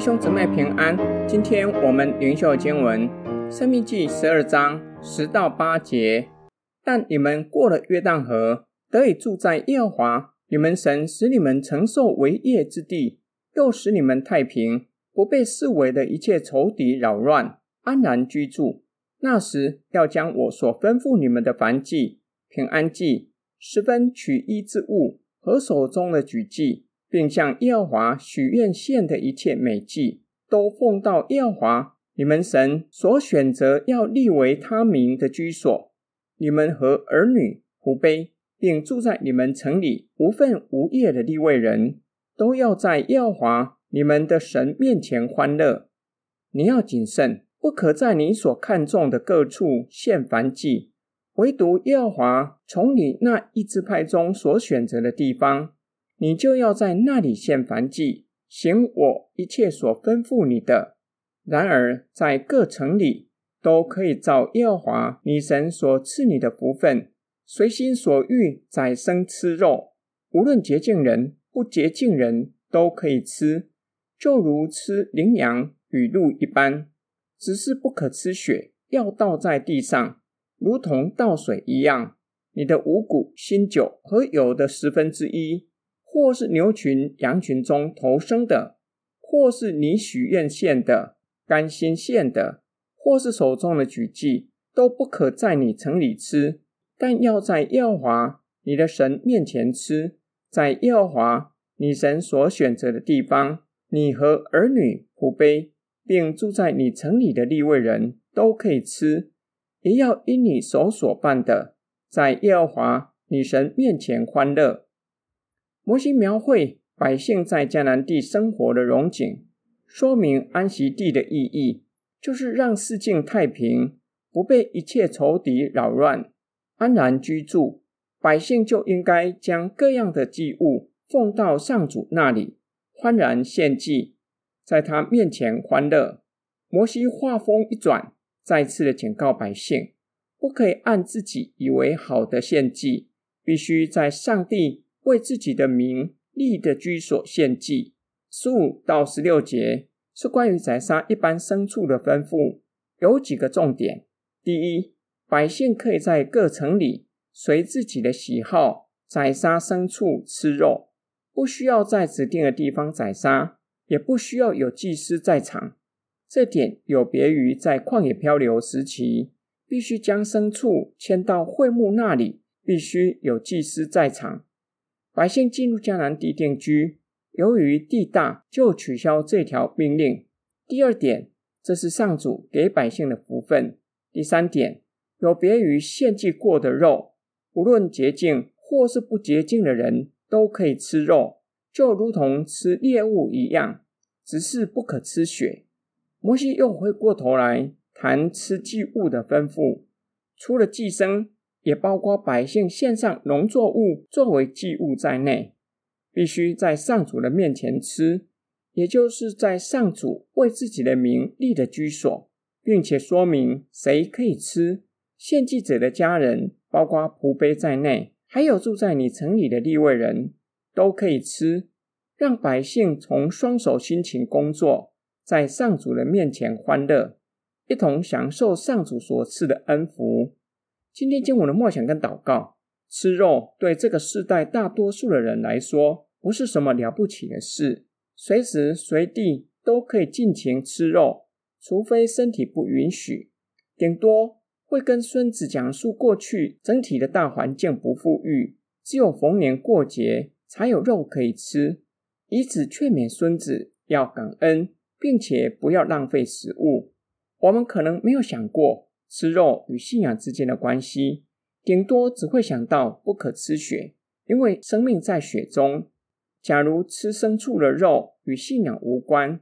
弟兄姊妹平安，今天我們靈修經文《申命記》十二章十到十八節。但你們過了約旦河，得以住在耶和華你們神使你們承受為業之地，又使你們太平，不被四圍的一切仇敵擾亂，安然居住。那時要將我所吩咐你們的燔祭、平安祭、十分取一之物和手中的舉祭。並向耶和華許願獻的一切美祭，都奉到耶和華你們神所選擇要立為他名的居所。你們和兒女、僕婢，並住在你們城裡無分無業的利未人，都要在耶和華你們的神面前歡樂。你要謹慎，不可在你所看中的各處獻燔祭，唯獨耶和華從你那一支派中所選擇的地方。你就要在那裡獻燔祭，行我一切所吩咐你的。然而，在各城裡都可以照耶和華你神所賜你的福分，隨心所欲宰牲吃肉，無論潔淨人不潔淨人都可以吃，就如吃羚羊與鹿一般，只是不可吃血，要倒在地上，如同倒水一樣。你的五穀、新酒和油的十分之一。或是牛群、羊群中頭生的，或是你許願獻的、甘心獻的，或是手中的舉祭，都不可在你城裡吃，但要在耶和華你的神面前吃，在耶和華你神所選擇的地方，你和兒女、僕婢，並住在你城裡的利未人都可以吃，也要因你手所辦的，在耶和華你神面前歡樂。摩西描繪百姓在迦南地生活的榮景，說明安息地的意義，就是讓四境太平，不被一切仇敵擾亂，安然居住。百姓就應該將各樣的祭物奉到上主那裡，歡然獻祭，在他面前歡樂。摩西話鋒一轉，再次的警告百姓：不可以按自己以為好的獻祭，必須在上帝為自己的名立的居所獻祭。十五到十六節是關於宰殺一般牲畜的吩咐，有幾個重點。第一，百姓可以在各城裡隨自己的喜好宰殺牲畜吃肉，不需要在指定的地方宰殺，也不需要有祭司在場。這點有別於在曠野漂流時期，必須將牲畜牽到會幕那裡，必須有祭司在場。百姓進入迦南地定居，由於地大，就取消這條命令。第二點，這是上主給百姓的福分。第三點，有別於獻祭過的肉，無論潔淨或是不潔淨的人，都可以吃肉，就如同吃獵物一樣，只是不可吃血。摩西又回過頭來談吃祭物的吩咐，除了祭牲，也包括百姓獻上農作物作為祭物在內，必須在上主的面前吃，也就是在上主為自己的名立的居所，並且說明誰可以吃。獻祭者的家人，包括僕婢在內，還有住在你城裡的利未人都可以吃。讓百姓從雙手辛勤工作，在上主的面前歡樂，一同享受上主所賜的恩福。今天經我的默想跟禱告，吃肉對這個世代大多數的人來說，不是什麼了不起的事，隨時隨地都可以盡情吃肉，除非身體不允許。頂多會跟孫子講述過去整體的大環境不富裕，只有逢年過節才有肉可以吃，以此勸勉孫子要感恩，並且不要浪費食物。我們可能沒有想過。吃肉與信仰之間的關係，頂多只會想到不可吃血，因為生命在血中。假如吃牲畜的肉與信仰無關，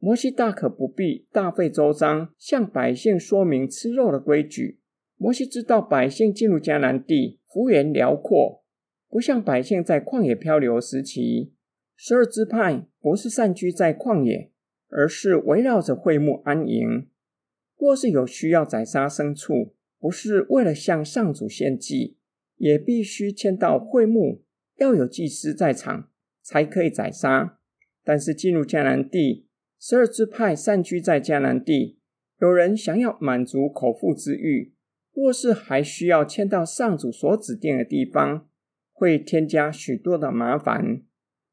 摩西大可不必大費周章向百姓說明吃肉的規矩。摩西知道百姓進入迦南地，幅員遼闊，不像百姓在曠野漂流時期，十二支派不是散居在曠野，而是圍繞着會幕安營。若是有需要宰殺牲畜，不是為了向上主獻祭，也必須牽到會幕，要有祭司在場，才可以宰殺。但是進入迦南地，十二支派散居在迦南地，有人想要滿足口腹之欲，若是還需要牽到上主所指定的地方，會添加許多的麻煩。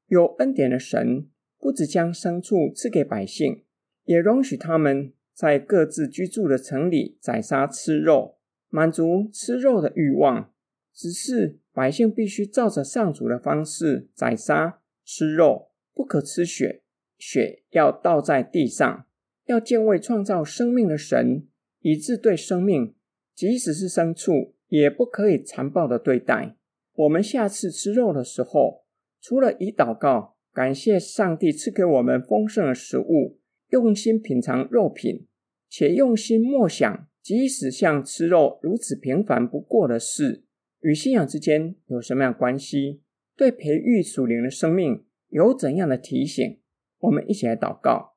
有恩典的神，不只將牲畜賜給百姓，也容許他們。在各自居住的城裡宰殺吃肉，滿足吃肉的慾望。只是百姓必須照着上主的方式宰殺吃肉，不可吃血，血要倒在地上，要敬畏創造生命的神，以致對生命，即使是牲畜，也不可以殘暴的對待。我們下次吃肉的時候，除了以禱告感謝上帝賜給我們豐盛的食物。用心品嚐肉品，且用心默想，即使像吃肉如此平凡不過的事，與信仰之間有什麼樣關係？對培育屬靈的生命有怎樣的提醒？我們一起來禱告，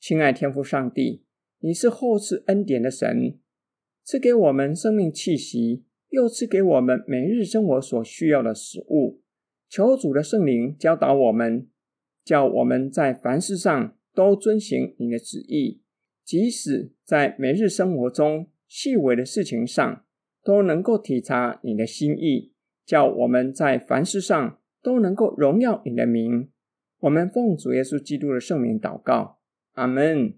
親愛天父上帝，你是厚賜恩典的神，賜給我們生命氣息，又賜給我們每日生活所需要的食物。求主的聖靈教導我們，叫我們在凡事上，都遵行你的旨意，即使在每日生活中細微的事情上，都能夠體察你的心意，叫我們在凡事上都能夠榮耀你的名。我們奉主耶穌基督的聖名禱告，阿門。